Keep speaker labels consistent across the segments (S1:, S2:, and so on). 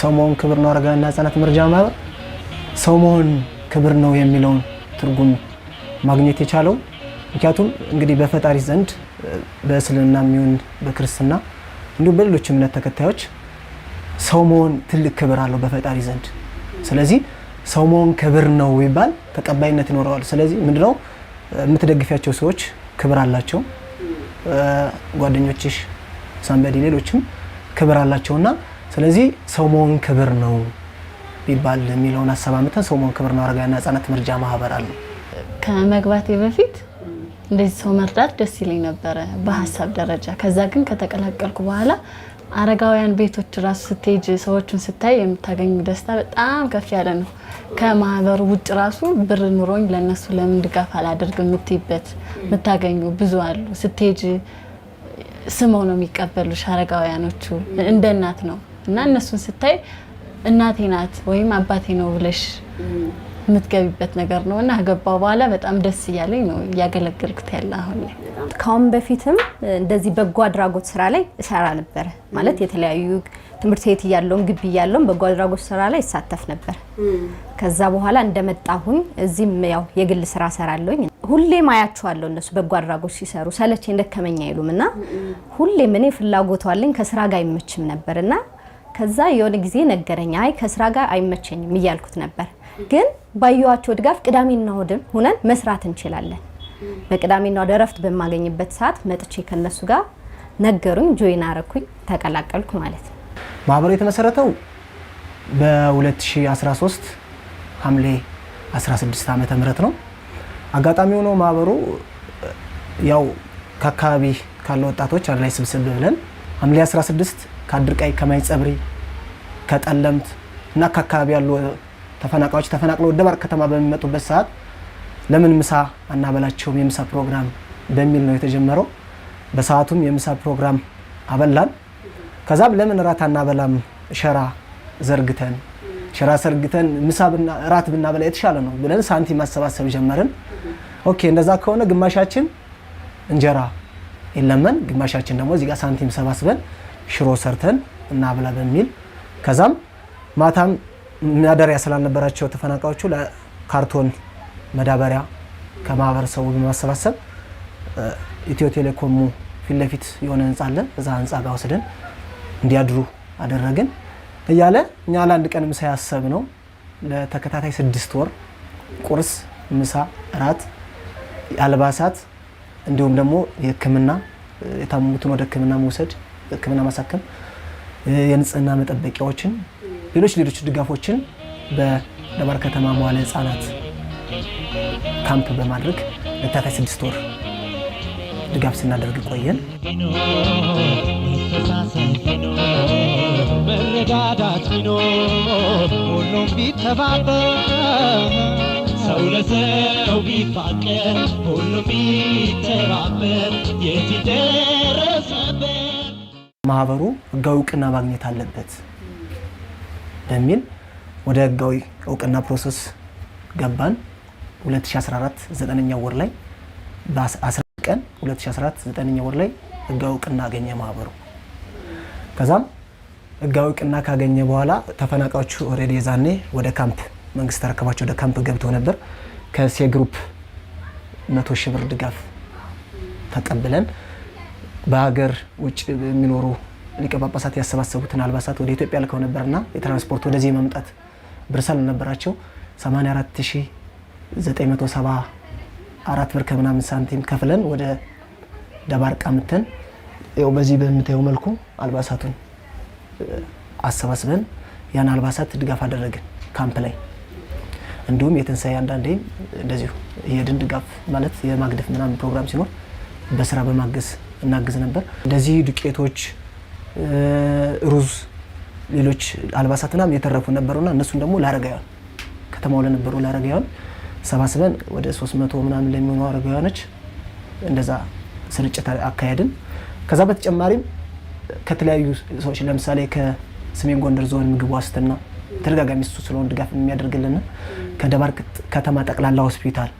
S1: ሰው መሆን ክብር ነው። አረጋውያንና ሕጻናት መርጃ ማህበር ሰው መሆን ክብር ነው የሚለውን ትርጉም ማግኘት የቻለው ምክንያቱም እንግዲህ በፈጣሪ ዘንድ በእስልምና የሚሆን በክርስትና እንዲሁም በሌሎች እምነት ተከታዮች ሰው መሆን ትልቅ ክብር አለው በፈጣሪ ዘንድ። ስለዚህ ሰው መሆን ክብር ነው ይባል ተቀባይነት ይኖረዋል። ስለዚህ ምንድነው የምትደግፊያቸው ሰዎች ክብር አላቸው፣ ጓደኞችሽ፣ ሳንበዲ ሌሎችም ክብር አላቸውና ስለዚህ ሰው መሆን ክብር ነው ቢባል የሚለውን ሀሳብ አምተን ሰው መሆን ክብር ነው አረጋና ህጻናት መርጃ ማህበር አለ።
S2: ከመግባቴ በፊት እንደዚህ ሰው መርዳት ደስ ይለኝ ነበረ በሀሳብ ደረጃ። ከዛ ግን ከተቀላቀልኩ በኋላ አረጋውያን ቤቶች ራሱ ስትሄጅ ሰዎቹን ስታይ የምታገኙ ደስታ በጣም ከፍ ያለ ነው። ከማህበሩ ውጭ ራሱ ብር ኑሮኝ ለእነሱ ለምን ድጋፍ አላደርግ የምትይበት የምታገኙ ብዙ አሉ ስትሄጅ ስመው ነው የሚቀበሉሽ አረጋውያኖቹ እንደ እናት ነው እና እነሱን ስታይ እናቴ ናት ወይም አባቴ ነው ብለሽ የምትገቢበት ነገር ነው እና ከገባሁ በኋላ በጣም ደስ እያለኝ ነው እያገለገልኩት ያለ አሁን ላይ።
S3: ከአሁን በፊትም እንደዚህ በጎ አድራጎት ስራ ላይ እሰራ ነበረ ማለት የተለያዩ ትምህርት ቤት እያለውም ግቢ እያለውም በጎ አድራጎት ስራ ላይ ይሳተፍ ነበር። ከዛ በኋላ እንደመጣሁኝ እዚህም ያው የግል ስራ ሰራለሁኝ። ሁሌም አያቸዋለሁ እነሱ በጎ አድራጎት ሲሰሩ ሰለቼ እንደከመኛ አይሉም እና ሁሌም እኔ ፍላጎት አለኝ ከስራ ጋር አይመችም ነበር እና ከዛ የሆነ ጊዜ ነገረኝ። አይ ከስራ ጋር አይመቸኝም እያልኩት ነበር፣ ግን ባየዋቸው ድጋፍ ቅዳሜና እሑድም ሁነን መስራት እንችላለን። በቅዳሜና እሑድ እረፍት በማገኝበት ሰዓት መጥቼ ከነሱ ጋር ነገሩኝ፣ ጆይን አረኩኝ፣ ተቀላቀልኩ ማለት ነው።
S1: ማህበሩ የተመሰረተው በ2013 ሐምሌ 16 ዓመተ ምህረት ነው። አጋጣሚ ሆኖ ማህበሩ ያው ከአካባቢ ካለ ወጣቶች አንድ ላይ ስብስብ ብለን ሐምሌ 16 ቀይ ከማይጸብሪ ከጠለምት እና ከአካባቢ ያሉ ተፈናቃዮች ተፈናቅለው ወደ ደባርቅ ከተማ በሚመጡበት ሰዓት ለምን ምሳ አናበላቸውም የምሳ ፕሮግራም በሚል ነው የተጀመረው። በሰዓቱም የምሳ ፕሮግራም አበላን። ከዛም ለምን እራት አናበላም ሸራ ዘርግተን ሸራ ሰርግተን ምሳ እራት ብናበላ የተሻለ ነው ብለን ሳንቲም ማሰባሰብ ጀመርን። ኦኬ እንደዛ ከሆነ ግማሻችን እንጀራ የለመን ግማሻችን ደግሞ እዚጋ ሳንቲም ሰባስበን ሽሮ ሰርተን እናብላ በሚል ከዛም ማታም ማደሪያ ስላልነበራቸው ተፈናቃዮቹ ለካርቶን መዳበሪያ ከማህበረሰቡ በማሰባሰብ ኢትዮ ቴሌኮሙ ፊት ለፊት የሆነ ህንፃ አለ። እዛ ህንፃ ጋር ወስደን እንዲያድሩ አደረግን እያለ እኛ ለአንድ ቀን ምሳ ያሰብ ነው ለተከታታይ ስድስት ወር ቁርስ፣ ምሳ፣ እራት፣ አልባሳት እንዲሁም ደግሞ የህክምና የታመሙትን ወደ ህክምና መውሰድ፣ ህክምና ማሳከም፣ የንጽህና መጠበቂያዎችን፣ ሌሎች ሌሎች ድጋፎችን በደባር ከተማ መዋለ ህጻናት ካምፕ በማድረግ ለተከታታይ ስድስት ወር ድጋፍ ስናደርግ ቆየን። ቢኖር መረዳዳት ቢኖር ሁሉም ቢተባበር ሰው ለሰው ቢፋቀር ሁሉም ቢተባበር የት ይደረሰበት። ማህበሩ ህጋዊ እውቅና ማግኘት አለበት በሚል ወደ ህጋዊ እውቅና ፕሮሰስ ገባን። 2014 9 ወር ላይ በ11 ቀን 2014 ወር ላይ ህጋዊ እውቅና አገኘ ማህበሩ። ከዛም ህጋዊ እውቅና ካገኘ በኋላ ተፈናቃዮቹ ኦልሬዲ የዛኔ ወደ ካምፕ መንግስት ተረከባቸው ወደ ካምፕ ገብተው ነበር። ከሴ ግሩፕ መቶ ሺህ ብር ድጋፍ ተቀብለን በሀገር ውጭ የሚኖሩ ሊቀ ጳጳሳት ያሰባሰቡትን አልባሳት ወደ ኢትዮጵያ ልከው ነበርና የትራንስፖርት ወደዚህ መምጣት ብርሳል ነበራቸው 84974 ብር ከምናምን ሳንቲም ከፍለን ወደ ደባርቃ አምተን ያው በዚህ በምታየው መልኩ አልባሳቱን አሰባስበን ያን አልባሳት ድጋፍ አደረግን ካምፕ ላይ። እንዲሁም የትንሳኤ አንዳንዴም እንደዚሁ የድን ድጋፍ ማለት የማግደፍ ምናምን ፕሮግራም ሲኖር በስራ በማገዝ እናግዝ ነበር። እንደዚህ ዱቄቶች፣ ሩዝ፣ ሌሎች አልባሳት ምናምን የተረፉ ነበሩና እነሱን ደግሞ ለአረጋውያን ከተማው ለነበሩ ለአረጋውያን ሰባስበን ወደ 300 ምናምን ለሚሆኑ አረጋውያኖች እንደዛ ስርጭት አካሄድን። ከዛ በተጨማሪም ከተለያዩ ሰዎች ለምሳሌ ከሰሜን ጎንደር ዞን ምግብ ዋስትና ተደጋጋሚ እሱ ስለሆነ ድጋፍ የሚያደርግልን ከደባርቅ ከተማ ጠቅላላ ሆስፒታል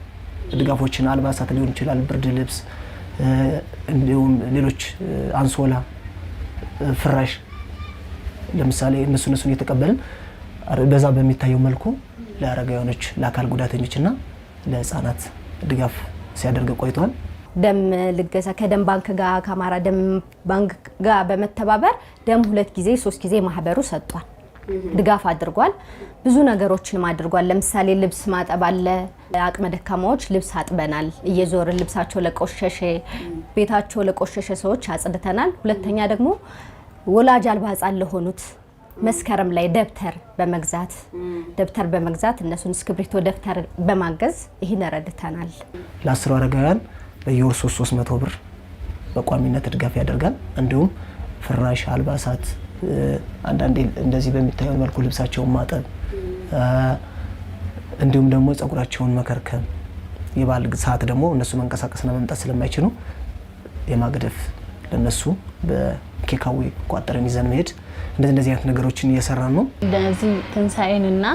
S1: ድጋፎችን አልባሳት ሊሆን ይችላል፣ ብርድ ልብስ፣ እንዲሁም ሌሎች አንሶላ፣ ፍራሽ ለምሳሌ እነሱ እነሱን እየተቀበልን በዛ በሚታየው መልኩ ለአረጋውያኖች፣ ለአካል ጉዳተኞች እና ለህፃናት ድጋፍ ሲያደርግ ቆይተዋል።
S3: ደም ልገሳ ከደም ባንክ ጋር ከአማራ ደም ባንክ ጋር በመተባበር ደም ሁለት ጊዜ ሶስት ጊዜ ማህበሩ ሰጥቷል፣ ድጋፍ አድርጓል። ብዙ ነገሮችንም አድርጓል። ለምሳሌ ልብስ ማጠብ አለ። አቅመ ደካማዎች ልብስ አጥበናል። እየዞርን ልብሳቸው ለቆሸሸ ቤታቸው ለቆሸሸ ሰዎች አጽድተናል። ሁለተኛ ደግሞ ወላጅ አልባ ህጻን ለሆኑት መስከረም ላይ ደብተር በመግዛት ደብተር በመግዛት እነሱን እስክሪብቶ ደብተር በማገዝ ይህን ረድተናል።
S1: ለአስሩ አረጋውያን በየወር 3300 ብር በቋሚነት ድጋፍ ያደርጋል። እንዲሁም ፍራሽ፣ አልባሳት አንዳንዴ እንደዚህ በሚታየው መልኩ ልብሳቸውን ማጠብ እንዲሁም ደግሞ ጸጉራቸውን መከርከም የባል ሰዓት ደግሞ እነሱ መንቀሳቀስና መምጣት ስለማይችሉ የማግደፍ ለነሱ በኬካዊ ቋጠረን ይዘን መሄድ እንደዚህ እንደዚህ አይነት ነገሮችን እየሰራን ነው። እንደዚህ ትንሣኤንና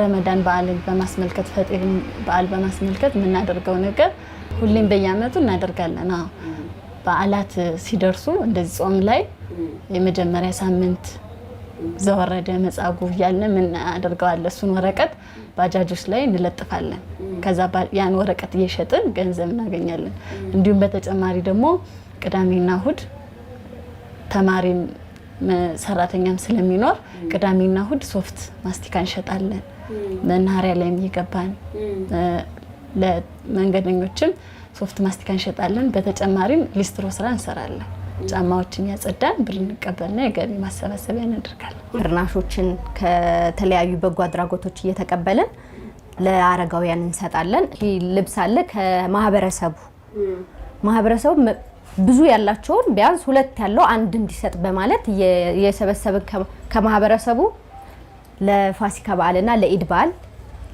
S1: ረመዳን በዓልን በማስመልከት ፈጢርን በዓል በማስመልከት የምናደርገው ነገር ሁሌም በየአመቱ እናደርጋለን። በዓላት ሲደርሱ እንደዚህ ጾም ላይ የመጀመሪያ ሳምንት ዘወረደ መጻጉዕ እያልን ምን እሱን ወረቀት ባጃጆች ላይ እንለጥፋለን። ከዛ ያን ወረቀት እየሸጥን ገንዘብ እናገኛለን። እንዲሁም በተጨማሪ ደግሞ ቅዳሜና እሁድ ተማሪም ሰራተኛም ስለሚኖር ቅዳሜና እሁድ ሶፍት ማስቲካ እንሸጣለን። መናኸሪያ ላይም እየገባን ለመንገደኞችም ሶፍት ማስቲካ እንሸጣለን። በተጨማሪም ሊስትሮ ስራ እንሰራለን። ጫማዎችን ያጸዳን ብር እንቀበልና የገቢ ማሰባሰቢያ እናደርጋለን። ፍርናሾችን ከተለያዩ በጎ አድራጎቶች እየተቀበልን ለአረጋውያን እንሰጣለን። ይህ ልብስ አለ ከማህበረሰቡ ማህበረሰቡ ብዙ ያላቸውን ቢያንስ ሁለት ያለው አንድ እንዲሰጥ በማለት የሰበሰብን ከማህበረሰቡ ለፋሲካ በዓልና ለኢድ በዓል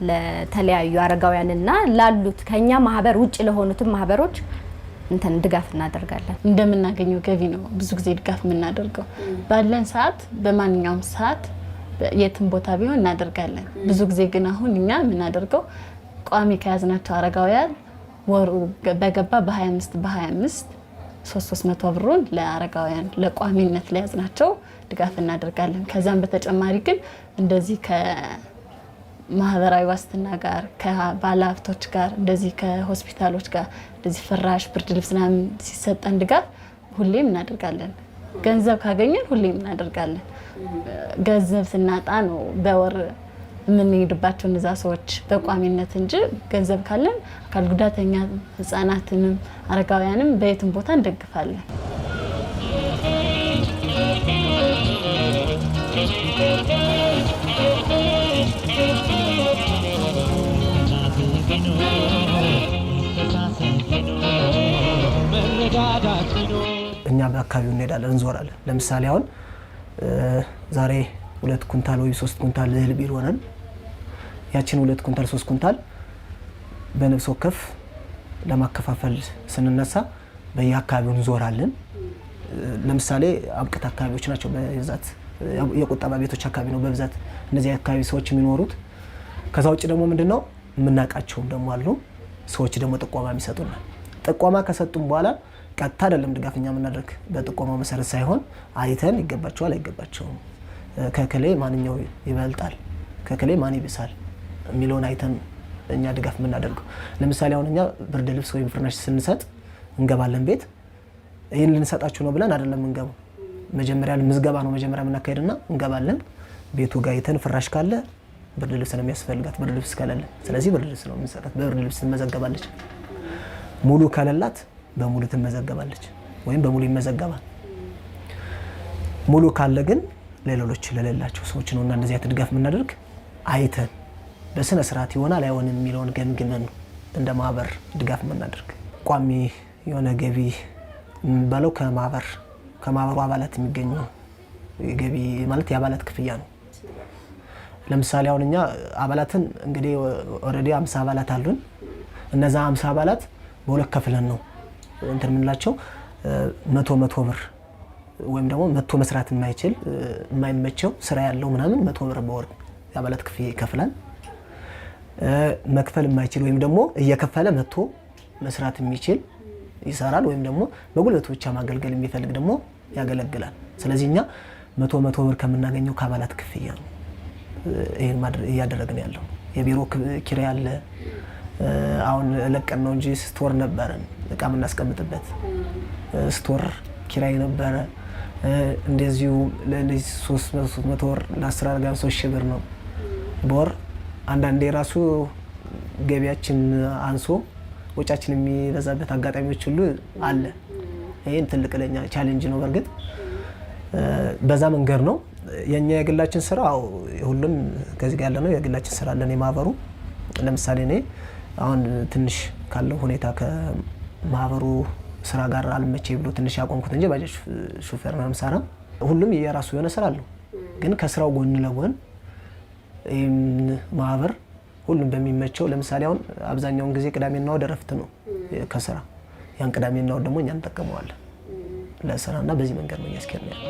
S1: ለተለያዩ አረጋውያንና ላሉት ከኛ ማህበር ውጭ ለሆኑትም ማህበሮች እንትን ድጋፍ እናደርጋለን። እንደምናገኘው ገቢ ነው ብዙ ጊዜ ድጋፍ የምናደርገው። ባለን ሰዓት በማንኛውም ሰዓት የትም ቦታ ቢሆን እናደርጋለን። ብዙ ጊዜ ግን አሁን እኛ የምናደርገው ቋሚ ከያዝናቸው አረጋውያን ወሩ በገባ በ25 በ25 300 ብሩን ለአረጋውያን ለቋሚነት ለያዝናቸው ድጋፍ እናደርጋለን። ከዚያም በተጨማሪ ግን እንደዚህ ማህበራዊ ዋስትና ጋር ከባለሀብቶች ጋር እንደዚህ ከሆስፒታሎች ጋር እንደዚህ ፍራሽ፣ ብርድ ልብስ ምናምን ሲሰጠን ድጋፍ ሁሌም እናደርጋለን። ገንዘብ ካገኘን ሁሌም እናደርጋለን። ገንዘብ ስናጣ ነው በወር የምንሄድባቸው እነዛ ሰዎች በቋሚነት እንጂ ገንዘብ ካለን አካል ጉዳተኛ ህጻናትንም አረጋውያንም በየትም ቦታ እንደግፋለን። እኛም አካባቢው እንሄዳለን፣ እንዞራለን። ለምሳሌ አሁን ዛሬ ሁለት ኩንታል ወይ ሶስት ኩንታል እህል ቢሆነን ያችን ሁለት ኩንታል ሶስት ኩንታል በነፍስ ወከፍ ለማከፋፈል ስንነሳ በየአካባቢው እንዞራለን። ለምሳሌ አብቅት አካባቢዎች ናቸው በብዛት የቁጠባ ቤቶች አካባቢ ነው በብዛት እነዚህ አካባቢ ሰዎች የሚኖሩት። ከዛ ውጭ ደግሞ ምንድን ነው የምናውቃቸውም ደግሞ አሉ ሰዎች ደግሞ ጥቆማ የሚሰጡናል። ጥቆማ ከሰጡም በኋላ ቀጥታ አይደለም ድጋፍ እኛ የምናደርግ በጥቆማው መሰረት ሳይሆን አይተን ይገባቸዋል አይገባቸውም፣ ከክሌ ማንኛው ይበልጣል፣ ከክሌ ማን ይብሳል የሚለውን አይተን እኛ ድጋፍ የምናደርገው። ለምሳሌ አሁን እኛ ብርድ ልብስ ወይም ፍርናሽ ስንሰጥ እንገባለን ቤት ይህን ልንሰጣችሁ ነው ብለን አይደለም እንገባ። መጀመሪያ ምዝገባ ነው መጀመሪያ የምናካሄድና እንገባለን ቤቱ ጋር አይተን ፍራሽ ካለ ብርድ ልብስ ነው የሚያስፈልጋት። ብርድ ልብስ ከሌለ ስለዚህ ብርድ ልብስ ነው የምንሰጣት። በብርድ ልብስ ትመዘገባለች። ሙሉ ከሌላት በሙሉ ትመዘገባለች ወይም በሙሉ ይመዘገባል። ሙሉ ካለ ግን ለሌሎች ለሌላቸው ሰዎች ነውና እንደዚህ ድጋፍ የምናደርግ አይተን በስነ ስርዓት ይሆናል አይሆንም የሚለውን ገምግመን እንደ ማህበር ድጋፍ የምናደርግ። ቋሚ የሆነ ገቢ የሚባለው ከማህበር ከማህበሩ አባላት የሚገኙ ገቢ ማለት የአባላት ክፍያ ነው። ለምሳሌ አሁን እኛ አባላትን እንግዲህ ኦልሬዲ አምሳ አባላት አሉን። እነዛ አምሳ አባላት በሁለት ከፍለን ነው እንትን የምንላቸው መቶ መቶ ብር ወይም ደግሞ መቶ መስራት የማይችል የማይመቸው ስራ ያለው ምናምን መቶ ብር በወር የአባላት ክፍያ ይከፍላል። መክፈል የማይችል ወይም ደግሞ እየከፈለ መቶ መስራት የሚችል ይሰራል። ወይም ደግሞ በጉልበቱ ብቻ ማገልገል የሚፈልግ ደግሞ ያገለግላል። ስለዚህ እኛ መቶ መቶ ብር ከምናገኘው ከአባላት ክፍያ ነው ይህን እያደረግን ያለው። የቢሮ ኪራይ አለ። አሁን ለቀን ነው እንጂ ስቶር ነበረን እቃ የምናስቀምጥበት ስቶር ኪራይ ነበረ። እንደዚሁ ለእንደዚህ ሶስት መቶ ወር ለአስር አርጋ ሶስት ሺህ ብር ነው በወር አንዳንዴ የራሱ ገቢያችን አንሶ ወጫችን የሚበዛበት አጋጣሚዎች ሁሉ አለ። ይህን ትልቅ ለኛ ቻሌንጅ ነው። በእርግጥ በዛ መንገድ ነው የእኛ የግላችን ስራ ሁሉም ከዚህ ጋር ያለ ነው። የግላችን ስራ አለን የማህበሩ ለምሳሌ እኔ አሁን ትንሽ ካለው ሁኔታ ማህበሩ ስራ ጋር አልመቼ ብሎ ትንሽ ያቆምኩት እንጂ ባጃጅ ሹፌር ነው የምሰራ። ሁሉም የራሱ የሆነ ስራ አለው፣ ግን ከስራው ጎን ለጎን ይህም ማህበር ሁሉም በሚመቸው ለምሳሌ አሁን አብዛኛውን ጊዜ ቅዳሜና ወደ እረፍት ነው ከስራ ያን ቅዳሜና ወደ ደግሞ እኛ እንጠቀመዋለን ለስራ እና በዚህ መንገድ ነው እያስኬድ ነው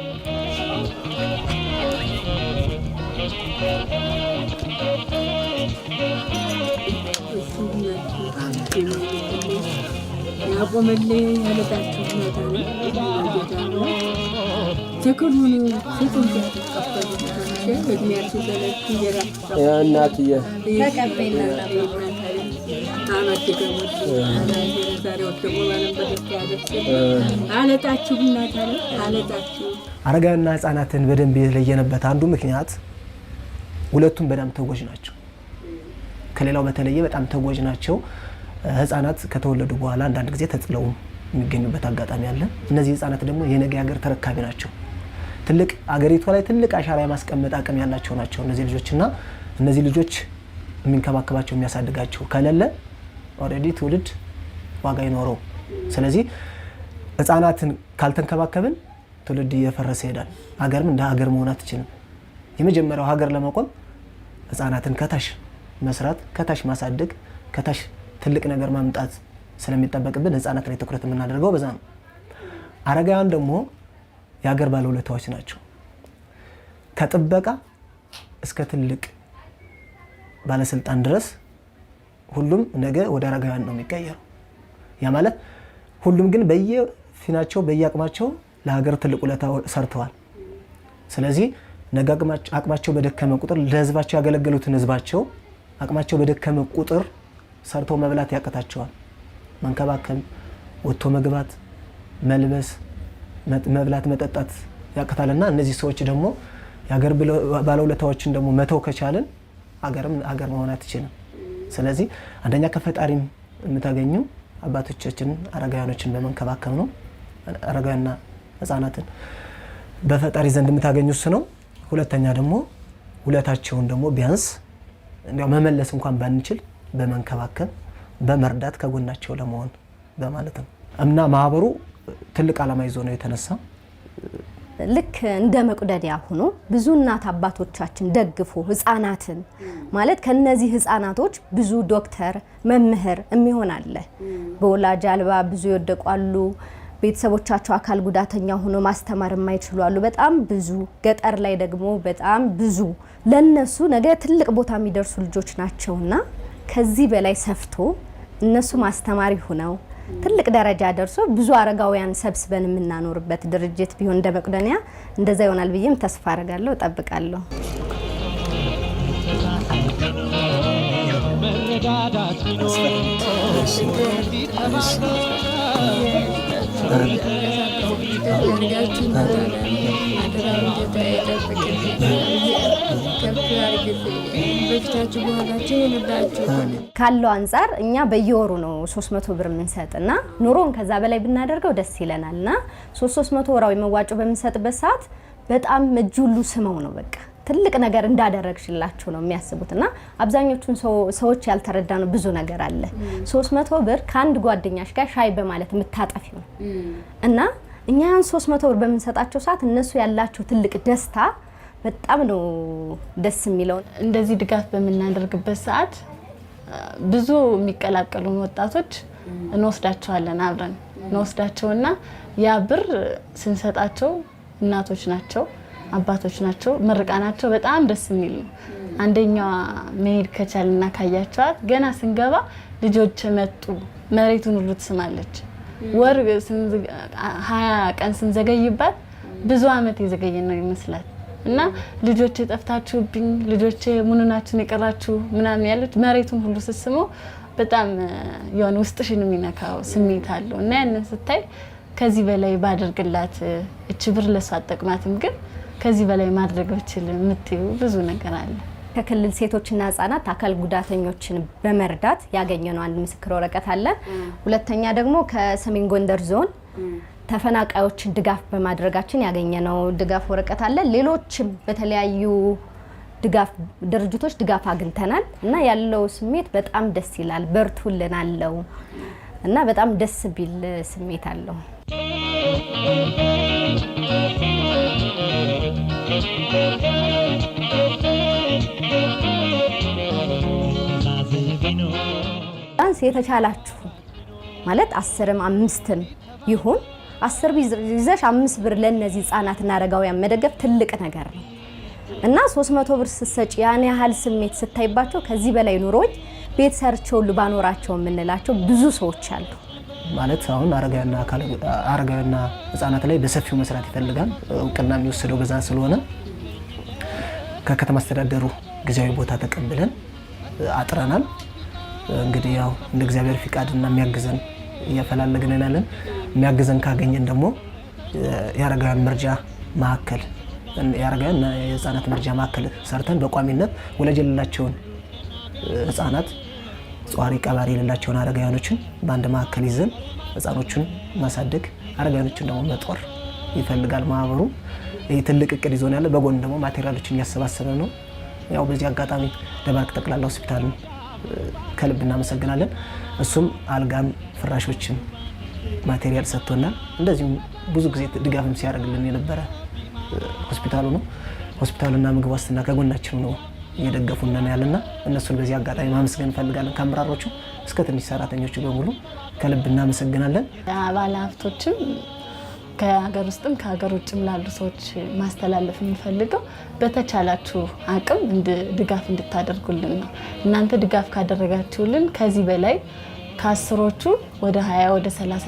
S1: ያቆመልኝ ያለታችሁ ጌታ ነው። አለጣችሁ እናት አለጣችሁ አረጋና ህጻናትን በደንብ የለየነበት አንዱ ምክንያት ሁለቱም በጣም ተጎጅ ናቸው። ከሌላው በተለየ በጣም ተጎጅ ናቸው። ህጻናት ከተወለዱ በኋላ አንዳንድ ጊዜ ተጥለው የሚገኙበት አጋጣሚ አለ። እነዚህ ህጻናት ደግሞ የነገ ሀገር ተረካቢ ናቸው። ትልቅ አገሪቷ ላይ ትልቅ አሻራ የማስቀመጥ አቅም ያላቸው ናቸው እነዚህ ልጆችና እነዚህ ልጆች የሚንከባከባቸው የሚያሳድጋቸው ከሌለ ኦልሬዲ ትውልድ ዋጋ ይኖረው። ስለዚህ ህጻናትን ካልተንከባከብን ትውልድ እየፈረሰ ይሄዳል። ሀገርም እንደ ሀገር መሆን አትችልም። የመጀመሪያው ሀገር ለመቆም ህጻናትን ከታች መስራት፣ ከታሽ ማሳደግ፣ ከታሽ ትልቅ ነገር ማምጣት ስለሚጠበቅብን ህጻናት ላይ ትኩረት የምናደርገው በዛ ነው። አረጋውያን ደግሞ የሀገር ባለውለታዎች ናቸው። ከጥበቃ እስከ ትልቅ ባለስልጣን ድረስ ሁሉም ነገ ወደ አረጋውያን ነው የሚቀየረው። ያ ማለት ሁሉም ግን በየፊናቸው በየአቅማቸው ለሀገር ትልቅ ውለታ ሰርተዋል። ስለዚህ ነገ አቅማቸው በደከመ ቁጥር ለህዝባቸው ያገለገሉትን ህዝባቸው አቅማቸው በደከመ ቁጥር ሰርቶ መብላት ያቅታቸዋል። መንከባከብ፣ ወጥቶ መግባት፣ መልበስ፣ መብላት፣ መጠጣት ያቅታል እና እነዚህ ሰዎች ደግሞ የሀገር ባለውለታዎችን ደግሞ መተው ከቻልን አገርም ሀገር መሆን አትችልም። ስለዚህ አንደኛ ከፈጣሪም የምታገኙ አባቶቻችን አረጋውያኖችን በመንከባከብ ነው። አረጋውያንና ህጻናትን በፈጣሪ ዘንድ የምታገኙ እሱ ነው። ሁለተኛ ደግሞ ውለታቸውን ደግሞ ቢያንስ እንዲያው መመለስ እንኳን ባንችል በመንከባከብ በመርዳት ከጎናቸው ለመሆን በማለት ነው እና ማህበሩ ትልቅ ዓላማ ይዞ ነው የተነሳ። ልክ እንደ መቁደዲያ ሆኖ ብዙ እናት አባቶቻችን ደግፎ ህፃናትን ማለት ከነዚህ ህፃናቶች ብዙ ዶክተር፣ መምህር የሚሆን አለ። በወላጅ አልባ ብዙ የወደቁ አሉ። ቤተሰቦቻቸው አካል ጉዳተኛ ሆኖ ማስተማር የማይችሉ አሉ። በጣም ብዙ ገጠር ላይ ደግሞ በጣም ብዙ ለነሱ ነገ ትልቅ ቦታ የሚደርሱ ልጆች ናቸውና ከዚህ በላይ ሰፍቶ እነሱ ማስተማሪ ሆነው ትልቅ ደረጃ ደርሶ ብዙ አረጋውያን ሰብስበን የምናኖርበት ድርጅት ቢሆን እንደ እንደዛ ይሆናል ብዬም ተስፋ አደርጋለሁ እጠብቃለሁ። መረዳዳት ቢኖር መንገዳችን ካለው አንጻር እኛ በየወሩ ነው 300 ብር የምንሰጥና ኑሮን ከዛ በላይ ብናደርገው ደስ ይለናል እና 300 ወራዊ መዋጮ በምንሰጥበት ሰዓት በጣም እጅ ሁሉ ስመው ነው በቃ ትልቅ ነገር እንዳደረግሽላችሁ ነው የሚያስቡት እና አብዛኞቹን ሰዎች ያልተረዳ ነው ብዙ ነገር አለ። ሶስት መቶ ብር ከአንድ ጓደኛሽ ጋር ሻይ በማለት የምታጠፊ ነው እና እኛ ያን ሶስት መቶ ብር በምንሰጣቸው ሰዓት እነሱ ያላቸው ትልቅ ደስታ በጣም ነው ደስ የሚለው። እንደዚህ ድጋፍ በምናደርግበት ሰዓት ብዙ የሚቀላቀሉን ወጣቶች እንወስዳቸዋለን አብረን እንወስዳቸውና ያ ብር ስንሰጣቸው እናቶች ናቸው አባቶች ናቸው። ምርቃናቸው በጣም ደስ የሚል ነው። አንደኛዋ መሄድ ከቻልና ካያቸዋት ገና ስንገባ ልጆች መጡ መሬቱን ሁሉ ትስማለች። ወር ሀያ ቀን ስንዘገይባት ብዙ አመት የዘገየ ነው ይመስላል እና ልጆች የጠፍታችሁብኝ ልጆች ሙኑናችሁን የቀራችሁ ምናምን ያለች መሬቱን ሁሉ ስስመው በጣም የሆነ ውስጥሽን የሚነካው ስሜት አለው እና ያንን ስታይ ከዚህ በላይ ባደርግላት እች ብር ለሷ አጠቅማትም ግን ከዚህ በላይ ማድረግ ብችል የምትዩ ብዙ ነገር አለ። ከክልል ሴቶችና ህጻናት አካል ጉዳተኞችን በመርዳት ያገኘነው አንድ ምስክር ወረቀት አለ። ሁለተኛ ደግሞ ከሰሜን ጎንደር ዞን ተፈናቃዮችን ድጋፍ በማድረጋችን ያገኘነው ድጋፍ ወረቀት አለ። ሌሎችም በተለያዩ ድጋፍ ድርጅቶች ድጋፍ አግኝተናል እና ያለው ስሜት በጣም ደስ ይላል። በርቱልን አለው እና በጣም ደስ ቢል ስሜት አለው። ዳንስ የተቻላችሁ ማለት አስርም አምስትም ይሁን አስር ይዘሽ አምስት ብር ለእነዚህ ህጻናትና አረጋውያን መደገፍ ትልቅ ነገር ነው እና 300 ብር ስትሰጪ ያን ያህል ስሜት ስታይባቸው ከዚህ በላይ ኑሮዎች ቤት ሰርቼው ባኖራቸው የምንላቸው ብዙ ሰዎች አሉ። ማለት አሁን አረጋዊና ህጻናት ላይ በሰፊው መስራት ይፈልጋል። እውቅና የሚወሰደው በዛ ስለሆነ ከከተማ አስተዳደሩ ጊዜያዊ ቦታ ተቀብለን አጥረናል። እንግዲህ ያው እንደ እግዚአብሔር ፍቃድና የሚያግዘን እያፈላለግን ያለን የሚያግዘን ካገኘን ደግሞ የአረጋውያን መርጃ ማዕከል የአረጋውያን የህፃናት መርጃ ማዕከል ሰርተን በቋሚነት ወላጅ የሌላቸውን ህፃናት ጸዋሪ ቀባሪ የሌላቸውን አረጋውያኖችን በአንድ ማዕከል ይዘን ህፃኖቹን ማሳደግ አረጋውያኖችን ደግሞ መጦር ይፈልጋል ማህበሩ። ይህ ትልቅ እቅድ ይዞን ያለ በጎን ደግሞ ማቴሪያሎችን እያሰባሰበ ነው። ያው በዚህ አጋጣሚ ደባርቅ ጠቅላላ ሆስፒታል ከልብ እናመሰግናለን። እሱም አልጋም ፍራሾችን ማቴሪያል ሰጥቶናል። እንደዚሁም ብዙ ጊዜ ድጋፍም ሲያደርግልን የነበረ ሆስፒታሉ ነው። ሆስፒታሉና ምግብ ዋስትና ከጎናችን ነው። እየደገፉን ያለና እነሱን በዚህ አጋጣሚ ማመስገን እንፈልጋለን። ከአመራሮቹ እስከ ትንሽ ሰራተኞቹ በሙሉ ከልብ እናመሰግናለን። ባለ ሀብቶችም ከሀገር ውስጥም ከሀገር ውጭም ላሉ ሰዎች ማስተላለፍ የምንፈልገው በተቻላችሁ አቅም ድጋፍ እንድታደርጉልን ነው። እናንተ ድጋፍ ካደረጋችሁልን ከዚህ በላይ ከአስሮቹ ወደ ሀያ ወደ ሰላሳ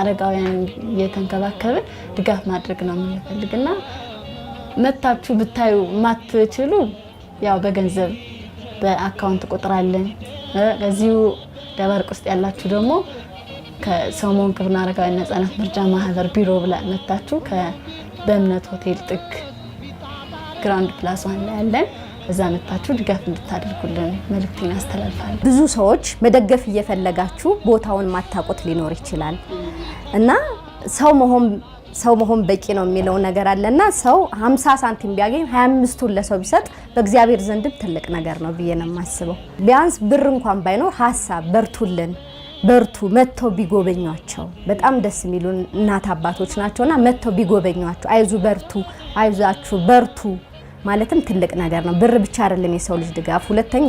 S1: አረጋውያን እየተንከባከብን ድጋፍ ማድረግ ነው የምንፈልግና መታችሁ ብታዩ ማትችሉ ያው በገንዘብ በአካውንት ቁጥር አለን። በዚሁ ደባርቅ ውስጥ ያላችሁ ደግሞ ከሰሞን ክብና አረጋዊ ነጻነት ምርጫ ማህበር ቢሮ ብላ መታችሁ በእምነት ሆቴል ጥግ ግራንድ ፕላስ ዋን ላይ ያለን እዛ መታችሁ ድጋፍ እንድታደርጉልን መልእክቴን አስተላልፋለሁ። ብዙ ሰዎች መደገፍ እየፈለጋችሁ ቦታውን ማታቆት ሊኖር ይችላል እና ሰው መሆን ሰው መሆን በቂ ነው የሚለው ነገር አለና ሰው 50 ሳንቲም ቢያገኝ 25ቱን ለሰው ቢሰጥ በእግዚአብሔር ዘንድም ትልቅ ነገር ነው ብዬ ነው የማስበው። ቢያንስ ብር እንኳን ባይኖር ሀሳብ በርቱልን በርቱ መጥተው ቢጎበኟቸው በጣም ደስ የሚሉ እናት አባቶች ናቸውና መጥተው ቢጎበኟቸው አይዙ በርቱ አይዛችሁ በርቱ ማለትም ትልቅ ነገር ነው። ብር ብቻ አይደለም የሰው ልጅ ድጋፍ። ሁለተኛ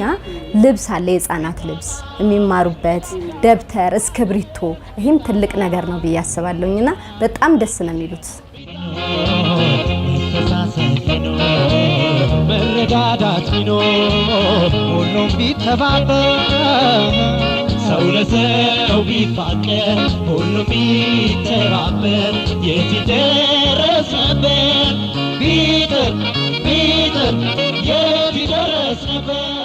S1: ልብስ አለ፣ የህፃናት ልብስ የሚማሩበት ደብተር፣ እስክብሪቶ። ይህም ትልቅ ነገር ነው ብዬ አስባለሁኝና በጣም ደስ ነው የሚሉት መረዳዳት ቢኖር ሁሉም ቢተባበር ሰው ለሰው ቢፋቀር ሁሉም ቢተባበር የት ደረሰበት ቢጥር ندارد یادی دارد نبرد